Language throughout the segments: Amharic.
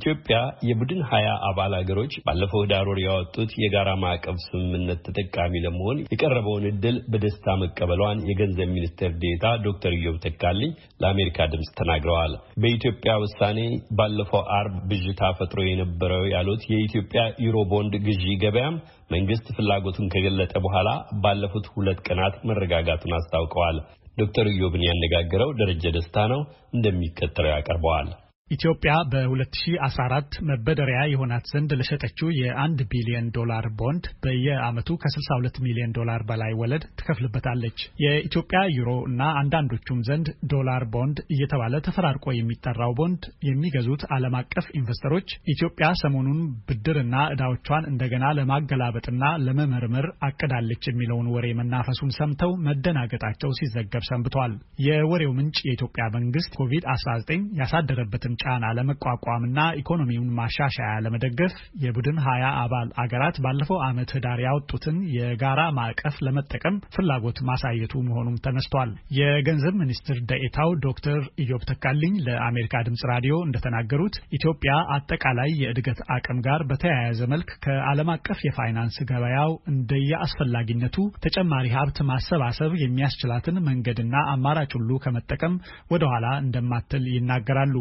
ኢትዮጵያ የቡድን ሀያ አባል አገሮች ባለፈው ህዳር ወር ያወጡት የጋራ ማዕቀፍ ስምምነት ተጠቃሚ ለመሆን የቀረበውን እድል በደስታ መቀበሏን የገንዘብ ሚኒስቴር ዴታ ዶክተር ኢዮብ ተካልኝ ለአሜሪካ ድምፅ ተናግረዋል። በኢትዮጵያ ውሳኔ ባለፈው አርብ ብዥታ ፈጥሮ የነበረው ያሉት የኢትዮጵያ ዩሮቦንድ ቦንድ ግዢ ገበያም መንግስት ፍላጎቱን ከገለጠ በኋላ ባለፉት ሁለት ቀናት መረጋጋቱን አስታውቀዋል። ዶክተር ኢዮብን ያነጋገረው ደረጀ ደስታ ነው፣ እንደሚከተለው ያቀርበዋል። ኢትዮጵያ በ2014 መበደሪያ የሆናት ዘንድ ለሸጠችው የ1 ቢሊዮን ዶላር ቦንድ በየዓመቱ ከ62 ሚሊዮን ዶላር በላይ ወለድ ትከፍልበታለች። የኢትዮጵያ ዩሮ እና አንዳንዶቹም ዘንድ ዶላር ቦንድ እየተባለ ተፈራርቆ የሚጠራው ቦንድ የሚገዙት ዓለም አቀፍ ኢንቨስተሮች ኢትዮጵያ ሰሞኑን ብድርና እዳዎቿን እንደገና ለማገላበጥና ለመመርመር አቅዳለች የሚለውን ወሬ መናፈሱን ሰምተው መደናገጣቸው ሲዘገብ ሰንብቷል። የወሬው ምንጭ የኢትዮጵያ መንግስት ኮቪድ-19 ያሳደረበትን ጫና ለመቋቋምና ኢኮኖሚውን ማሻሻያ ለመደገፍ የቡድን ሀያ አባል አገራት ባለፈው ዓመት ህዳር ያወጡትን የጋራ ማዕቀፍ ለመጠቀም ፍላጎት ማሳየቱ መሆኑም ተነስቷል። የገንዘብ ሚኒስትር ደኤታው ዶክተር ኢዮብ ተካልኝ ለአሜሪካ ድምጽ ራዲዮ እንደተናገሩት ኢትዮጵያ አጠቃላይ የእድገት አቅም ጋር በተያያዘ መልክ ከዓለም አቀፍ የፋይናንስ ገበያው እንደየ አስፈላጊነቱ ተጨማሪ ሀብት ማሰባሰብ የሚያስችላትን መንገድና አማራጭ ሁሉ ከመጠቀም ወደኋላ እንደማትል ይናገራሉ።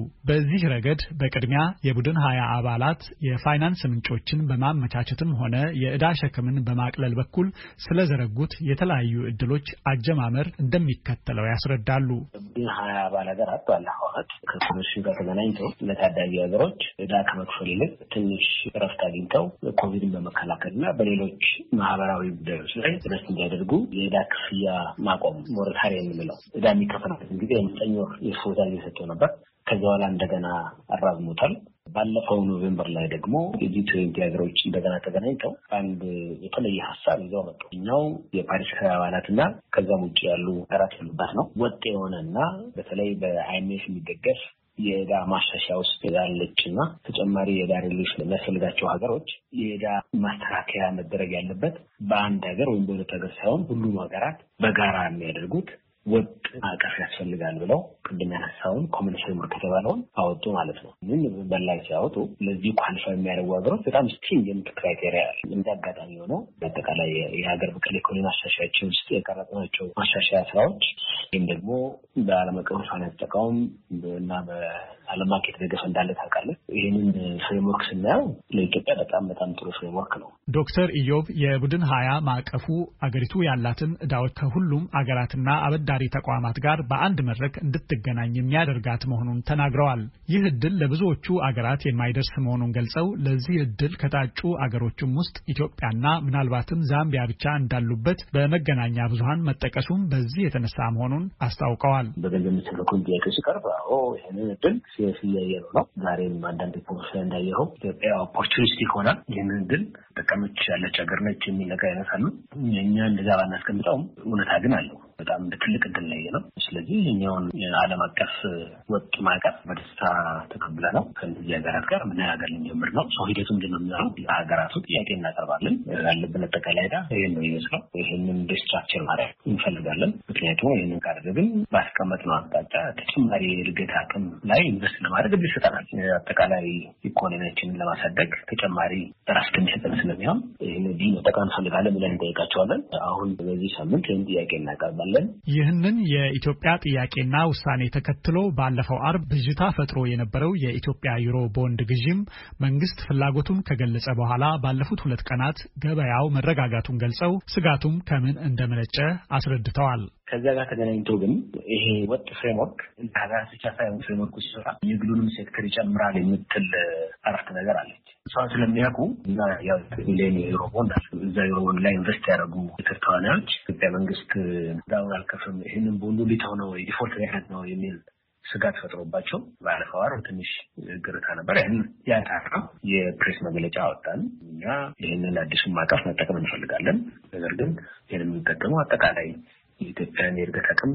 በዚህ ረገድ በቅድሚያ የቡድን ሀያ አባላት የፋይናንስ ምንጮችን በማመቻቸትም ሆነ የዕዳ ሸክምን በማቅለል በኩል ስለዘረጉት የተለያዩ እድሎች አጀማመር እንደሚከተለው ያስረዳሉ። ቡድን ሀያ አባል ሀገር አጥቷል። አሁት ከኮሚሽን ጋር ተገናኝተው ለታዳጊ ሀገሮች ዕዳ ከመክፈል ይልቅ ትንሽ እረፍት አግኝተው ኮቪድን በመከላከል እና በሌሎች ማህበራዊ ጉዳዮች ላይ ጥረት እንዲያደርጉ የዕዳ ክፍያ ማቆም ሞረታሪ የምንለው ዕዳ የሚከፈልበትን ጊዜ የምጠኝ ወር የፎታ እየሰጠው ነበር ከዚ በኋላ እንደገና አራዝሞታል። ባለፈው ኖቬምበር ላይ ደግሞ የጂ ትዌንቲ ሀገሮች እንደገና ተገናኝተው አንድ የተለየ ሀሳብ ይዘው መጡ። እኛው የፓሪስ አባላትና ከዛም ውጭ ያሉ ሀገራት ያሉባት ነው። ወጥ የሆነ የሆነና በተለይ በአይኤምኤፍ የሚደገፍ የዕዳ ማሻሻያ ውስጥ ያለች እና ተጨማሪ የዕዳ ሪሊፍ ለሚያስፈልጋቸው ሀገሮች የዕዳ ማስተካከያ መደረግ ያለበት በአንድ ሀገር ወይም በሁለት ሀገር ሳይሆን ሁሉም ሀገራት በጋራ የሚያደርጉት ወጥ አቀፍ ያስፈልጋል ብለው ቅድም ያነሳውን ኮመን ፍሬምወርክ የተባለውን አወጡ ማለት ነው። ግን በላይ ሲያወጡ ለዚህ ኳሊፋይ የሚያደርጉ ሀገሮች በጣም ስትሪንጀንት ክራይቴሪያ ያለ እንደ አጋጣሚ ሆነው በአጠቃላይ የሀገር በቀል ኢኮኖሚ ማሻሻያችን ውስጥ የቀረጥናቸው ማሻሻያ ስራዎች ወይም ደግሞ በዓለም አቀፍ ፋይናንስ ተቋም እና ዓለም አቀፍ ደገፍ እንዳለ ታውቃለህ። ይህንን ፍሬምወርክ ስናየው ለኢትዮጵያ በጣም በጣም ጥሩ ፍሬምወርክ ነው። ዶክተር ኢዮብ የቡድን ሀያ ማዕቀፉ አገሪቱ ያላትን እዳዎች ከሁሉም አገራትና አበዳሪ ተቋማት ጋር በአንድ መድረክ እንድትገናኝ የሚያደርጋት መሆኑን ተናግረዋል። ይህ እድል ለብዙዎቹ አገራት የማይደርስ መሆኑን ገልጸው ለዚህ እድል ከታጩ አገሮችም ውስጥ ኢትዮጵያና ምናልባትም ዛምቢያ ብቻ እንዳሉበት በመገናኛ ብዙሀን መጠቀሱም በዚህ የተነሳ መሆኑን አስታውቀዋል። በገንዘብ ምስል ጥያቄ ሲቀርብ ይህንን እድል ሲስ እያየነው ነው። ዛሬም አንዳንድ ሪፖርቶች ላይ እንዳየኸው ኢትዮጵያ ኦፖርቹኒስቲክ ሆና ይህንን ድል ጠቀመች ያለች ሀገር ነች የሚል ነገር አይነት አሉ። እኛ እንደዛ ባናስቀምጠውም እውነታ ግን አለው። በጣም እንደ ትልቅ እድል ነው ነው። ስለዚህ ይህኛውን ዓለም አቀፍ ወጥ ማዕቀፍ በደስታ ተቀብለ ነው ከእነዚህ ሀገራት ጋር ምን ሀገር ልንጀምር ነው። ሰው ሂደቱ ምንድን ነው የሚሆነው? የሀገራቱ ጥያቄ እናቀርባለን። ያለብን አጠቃላይ ዳ ይህን ነው ይመስለው። ይህንን ስትራክቸር ማድረግ እንፈልጋለን። ምክንያቱም ይህንን ካደረግን ባስቀመጥ ነው አቅጣጫ ተጨማሪ የእድገት አቅም ላይ ኢንቨስት ለማድረግ እድል ይሰጠናል። አጠቃላይ ኢኮኖሚያችንን ለማሳደግ ተጨማሪ ራስ ከሚሰጠን ስለሚሆን ይህን ዲ መጠቀም እንፈልጋለን ብለን እንጠይቃቸዋለን። አሁን በዚህ ሳምንት ይህን ጥያቄ እናቀርባለን። እንሰራለን። ይህንን የኢትዮጵያ ጥያቄና ውሳኔ ተከትሎ ባለፈው አርብ ብዥታ ፈጥሮ የነበረው የኢትዮጵያ ዩሮ ቦንድ ግዥም መንግስት ፍላጎቱን ከገለጸ በኋላ ባለፉት ሁለት ቀናት ገበያው መረጋጋቱን ገልጸው ስጋቱም ከምን እንደመነጨ አስረድተዋል። ከዛ ጋር ተገናኝቶ ግን ይሄ ወጥ ፍሬምወርክ እንደ ሀገራት ብቻ ሳይሆን ፍሬምወርኩ ሲሰራ የግሉንም ሴክተር ይጨምራል የምትል አራት ነገር አለች። እሷን ስለሚያውቁ እና ሚሊዮን ዩሮቦ እንዳል እዛ ዩሮቦን ላይ ኢንቨስት ያደረጉ ትር ተዋናዮች ኢትዮጵያ መንግስት ዳውን አልከፍም ይህንን በሁሉ ሊተው ነው ዲፎልት ምክንያት ነው የሚል ስጋት ፈጥሮባቸው ባለፈው ዓርብ ትንሽ ግርታ ነበር። ይህን ያጣራ የፕሬስ መግለጫ አወጣን። እኛ ይህንን አዲሱን ማዕቀፍ መጠቀም እንፈልጋለን፣ ነገር ግን ይህን የምንጠቀመው አጠቃላይ የኢትዮጵያን የእድገት አቅም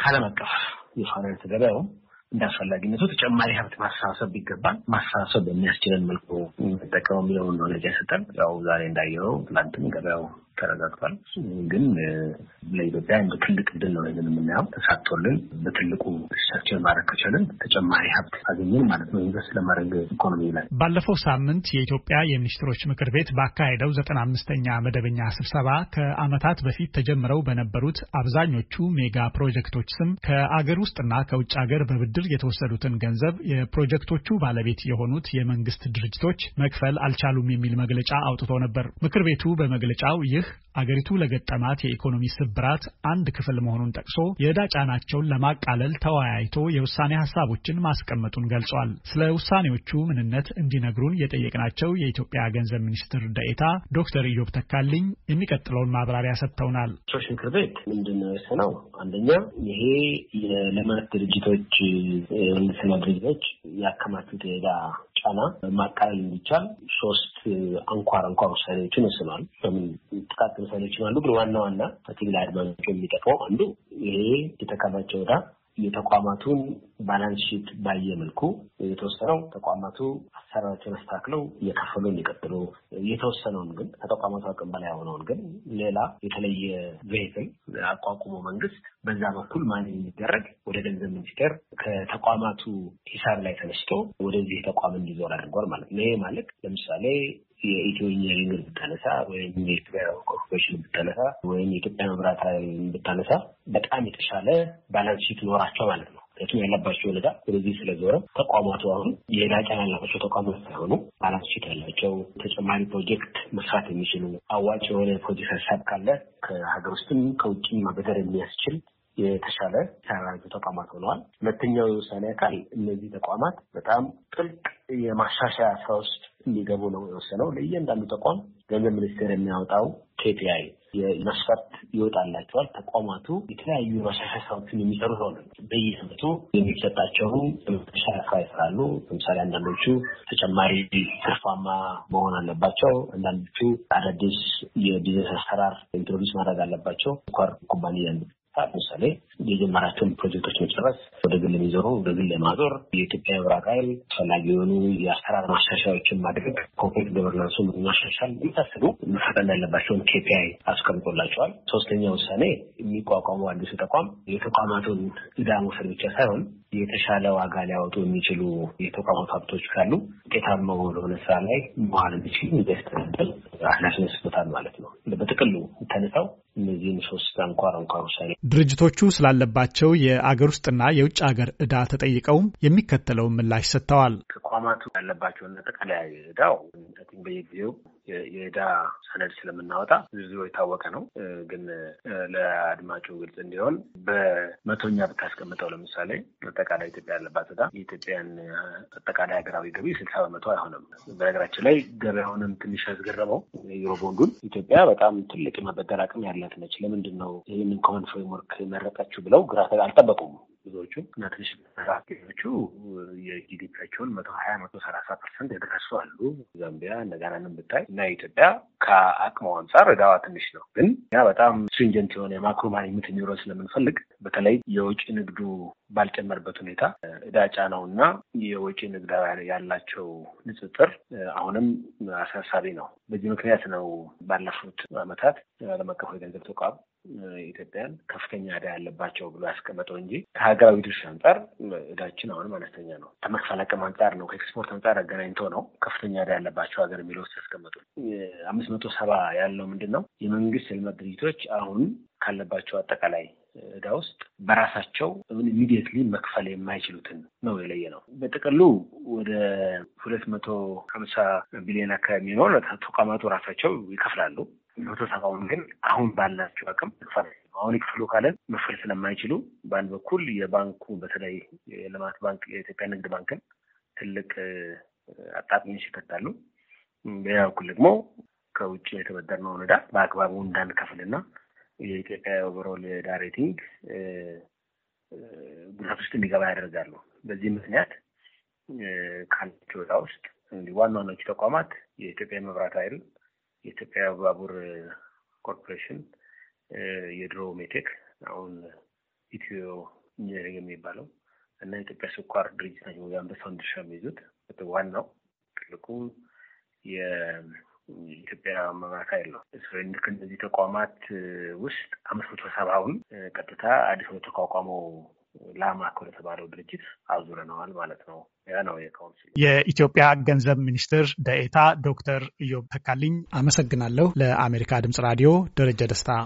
ከዓለም አቀፍ የፋይናንስ ገበያውም እንደ አስፈላጊነቱ ተጨማሪ ሀብት ማሰባሰብ ቢገባል ማሰባሰብ በሚያስችለን መልኩ ጠቀመው የሚለውን መግለጫ ሰጠን። ያው ዛሬ እንዳየው ትላንትም ገበያው ተረጋግጧል። ግን ለኢትዮጵያ እንደ ትልቅ ድል ነው ይህንን የምናየው። ተሳቶልን በትልቁ ሪሰርቸር ማድረግ ከቻልን ተጨማሪ ሀብት አገኘን ማለት ነው ኢንቨስት ለማድረግ ኢኮኖሚ ላይ። ባለፈው ሳምንት የኢትዮጵያ የሚኒስትሮች ምክር ቤት ባካሄደው ዘጠና አምስተኛ መደበኛ ስብሰባ ከዓመታት በፊት ተጀምረው በነበሩት አብዛኞቹ ሜጋ ፕሮጀክቶች ስም ከአገር ውስጥና ከውጭ ሀገር በብድር የተወሰዱትን ገንዘብ የፕሮጀክቶቹ ባለቤት የሆኑት የመንግስት ድርጅቶች መክፈል አልቻሉም የሚል መግለጫ አውጥቶ ነበር። ምክር ቤቱ በመግለጫው ይህ አገሪቱ ለገጠማት የኢኮኖሚ ስብራት አንድ ክፍል መሆኑን ጠቅሶ የዕዳ ጫናቸውን ለማቃለል ተወያይቶ የውሳኔ ሀሳቦችን ማስቀመጡን ገልጿል። ስለ ውሳኔዎቹ ምንነት እንዲነግሩን የጠየቅናቸው የኢትዮጵያ ገንዘብ ሚኒስትር ደኤታ ዶክተር ኢዮብ ተካልኝ የሚቀጥለውን ማብራሪያ ሰጥተውናል። ሶሽ ምክር ቤት ምንድን ነው የወሰነው? አንደኛ ይሄ የልማት ድርጅቶች የመንግስትና ድርጅቶች ያከማቹት የዕዳ ጫና ማቃለል እንዲቻል ሶስት አንኳር አንኳር ውሳኔዎችን ይስማሉ። በምን ጥቃቅን ውሳኔዎችን አሉ፣ ግን ዋና ዋና በትግል አድማጮ የሚጠቅመው አንዱ ይሄ የተከማቸው ዕዳ የተቋማቱን ባላንስ ሺት ባየ መልኩ የተወሰነው ተቋማቱ አሰራራቸውን አስተካክለው እየከፈሉ እንዲቀጥሉ፣ የተወሰነውን ግን ከተቋማቱ አቅም በላይ የሆነውን ግን ሌላ የተለየ ቬክል አቋቁሞ መንግስት በዛ በኩል ማን የሚደረግ ወደ ገንዘብ ሚኒስቴር ከተቋማቱ ሂሳብ ላይ ተነስቶ ወደዚህ ተቋም እንዲዞር አድርጓል ማለት ነው። ይሄ ማለት ለምሳሌ የኢትዮ ኢንጂኒሪንግን ብታነሳ ወይም የኢትዮጵያ ኮርፖሬሽን ብታነሳ ወይም የኢትዮጵያ መብራት ብታነሳ በጣም የተሻለ ባላንስ ሺት ኖራቸው ማለት ነው። እቱ ያለባቸው ወለዳ ወደዚህ ስለዞረ ተቋማቱ አሁን የዕዳ ጫና ያላቸው ተቋማት ሳይሆኑ ባላንስ ሺት ያላቸው ተጨማሪ ፕሮጀክት መስራት የሚችሉ አዋጭ የሆነ ፕሮጀክት ሀሳብ ካለ ከሀገር ውስጥም ከውጭም ማበደር የሚያስችል የተሻለ ተያያዙ ተቋማት ሆነዋል። ሁለተኛው የውሳኔ አካል እነዚህ ተቋማት በጣም ጥልቅ የማሻሻያ ስራ ውስጥ እንዲገቡ ነው የወሰነው። ለእያንዳንዱ ተቋም ገንዘብ ሚኒስቴር የሚያወጣው ኬፒአይ የመስፈርት ይወጣላቸዋል። ተቋማቱ የተለያዩ መሻሻ ስራዎችን የሚሰሩ ሆነ በየአመቱ የሚሰጣቸው መሻሻ ስራ ይሰራሉ። ለምሳሌ አንዳንዶቹ ተጨማሪ ትርፋማ መሆን አለባቸው። አንዳንዶቹ አዳዲስ የቢዝነስ አሰራር ኢንትሮዲስ ማድረግ አለባቸው። ኳር ኩባንያ ለምሳሌ የጀመራቸውን ፕሮጀክቶች መጨረስ፣ ወደ ግል የሚዞሩ ወደ ግል የማዞር የኢትዮጵያ የብራት ኃይል አስፈላጊ የሆኑ የአሰራር ማሻሻያዎችን ማድረግ፣ ኮርፖሬት ገቨርናንሱ ማሻሻል የመሳሰሉ መፈጠን ያለባቸውን ኬፒአይ አስቀምጦላቸዋል። ሶስተኛ ውሳኔ የሚቋቋሙ አዲሱ ተቋም የተቋማቱን እዳ መውሰድ ብቻ ሳይሆን የተሻለ ዋጋ ሊያወጡ የሚችሉ የተቋማቱ ሀብቶች ካሉ ውጤታማ ወደሆነ ስራ ላይ መዋል እንዲችል እንዲያስተዳደር ኃላፊነት ሰጥቶታል ማለት ነው። በጥቅሉ ተነሳው ሶስት አንኳር አንኳር ውሳኔ ድርጅቶቹ ስላለባቸው የአገር ውስጥና የውጭ ሀገር እዳ ተጠይቀውም የሚከተለውን ምላሽ ሰጥተዋል። ተቋማቱ ያለባቸውና ጠቃላይ እዳው በየጊዜው የዳ ሰነድ ስለምናወጣ ዝርዝሩ የታወቀ ነው። ግን ለአድማጩ ግልጽ እንዲሆን በመቶኛ ብታስቀምጠው ለምሳሌ አጠቃላይ ኢትዮጵያ ያለባት ዕዳ የኢትዮጵያን አጠቃላይ ሀገራዊ ገቢ ስልሳ በመቶ አይሆንም። በነገራችን ላይ ገበያውንም ትንሽ ያስገረመው ዩሮቦንዱን ኢትዮጵያ በጣም ትልቅ የመበደር አቅም ያላት ነች። ለምንድን ነው ይህንን ኮመን ፍሬምወርክ መረጣችሁ ብለው ግራ አልጠበቁም። ብዙዎቹ እና ትንሽ ራቴዎቹ የጂዲፒያቸውን መቶ ሀያ መቶ ሰላሳ ፐርሰንት የደረሱ አሉ። ዛምቢያ እነ ጋናንም ብታይ እና ኢትዮጵያ ከአቅሙ አንጻር እዳዋ ትንሽ ነው። ግን ያ በጣም ስትሪንጀንት የሆነ የማክሮ ማኔጅመንት እንዲኖረን ስለምንፈልግ በተለይ የውጭ ንግዱ ባልጨመርበት ሁኔታ እዳ ጫናው እና የውጭ ንግድ ያላቸው ንጽጥር አሁንም አሳሳቢ ነው። በዚህ ምክንያት ነው ባለፉት ዓመታት ዓለም አቀፉ የገንዘብ ተቋም ኢትዮጵያን ከፍተኛ ዳ ያለባቸው ብሎ ያስቀመጠው እንጂ ከሀገራዊ ድርሻ አንጻር እዳችን አሁንም አነስተኛ ነው። ከመክፈል አቅም አንጻር ነው፣ ከኤክስፖርት አንጻር አገናኝቶ ነው ከፍተኛ ዕዳ ያለባቸው ሀገር የሚለው ውስጥ ያስቀመጡ። አምስት መቶ ሰባ ያለው ምንድን ነው? የመንግስት ልማት ድርጅቶች አሁን ካለባቸው አጠቃላይ እዳ ውስጥ በራሳቸው ኢሚዲየትሊ መክፈል የማይችሉትን ነው የለየ ነው። በጥቅሉ ወደ ሁለት መቶ ሀምሳ ቢሊዮን አካባቢ የሚሆን ተቋማቱ ራሳቸው ይከፍላሉ። ሰባውን ግን አሁን ባላቸው አቅም መክፈል አሁን ይክፍሉ ካለን መክፈል ስለማይችሉ በአንድ በኩል የባንኩ በተለይ የልማት ባንክ የኢትዮጵያ ንግድ ባንክን ትልቅ አጣጥሚዎች ይከታሉ። በሌላ በኩል ደግሞ ከውጭ የተበደርነውን ዕዳ በአግባቡ እንዳንከፍልና የኢትዮጵያ ኦቨሮል የዕዳ ሬቲንግ ጉዳት ውስጥ እንዲገባ ያደርጋሉ። በዚህ ምክንያት ካላቸው ዕዳ ውስጥ ዋና ዋናዎቹ ተቋማት የኢትዮጵያ መብራት ኃይል የኢትዮጵያ ባቡር ኮርፖሬሽን የድሮ ሜቴክ አሁን ኢትዮ ኢንጂነሪንግ የሚባለው እና የኢትዮጵያ ስኳር ድርጅት ናቸው የአንበሳውን ድርሻ የሚይዙት። ዋናው ትልቁ የኢትዮጵያ መብራት ኃይል ነው። ከእነዚህ ተቋማት ውስጥ አምስት መቶ ሰባውን ቀጥታ አዲስ ተቋቋመው ለአማኮር የተባለው ድርጅት አዙረነዋል ማለት ነው። ያ ነው የካውንስል። የኢትዮጵያ ገንዘብ ሚኒስትር ደኤታ ዶክተር ኢዮብ ተካልኝ አመሰግናለሁ። ለአሜሪካ ድምጽ ራዲዮ ደረጀ ደስታ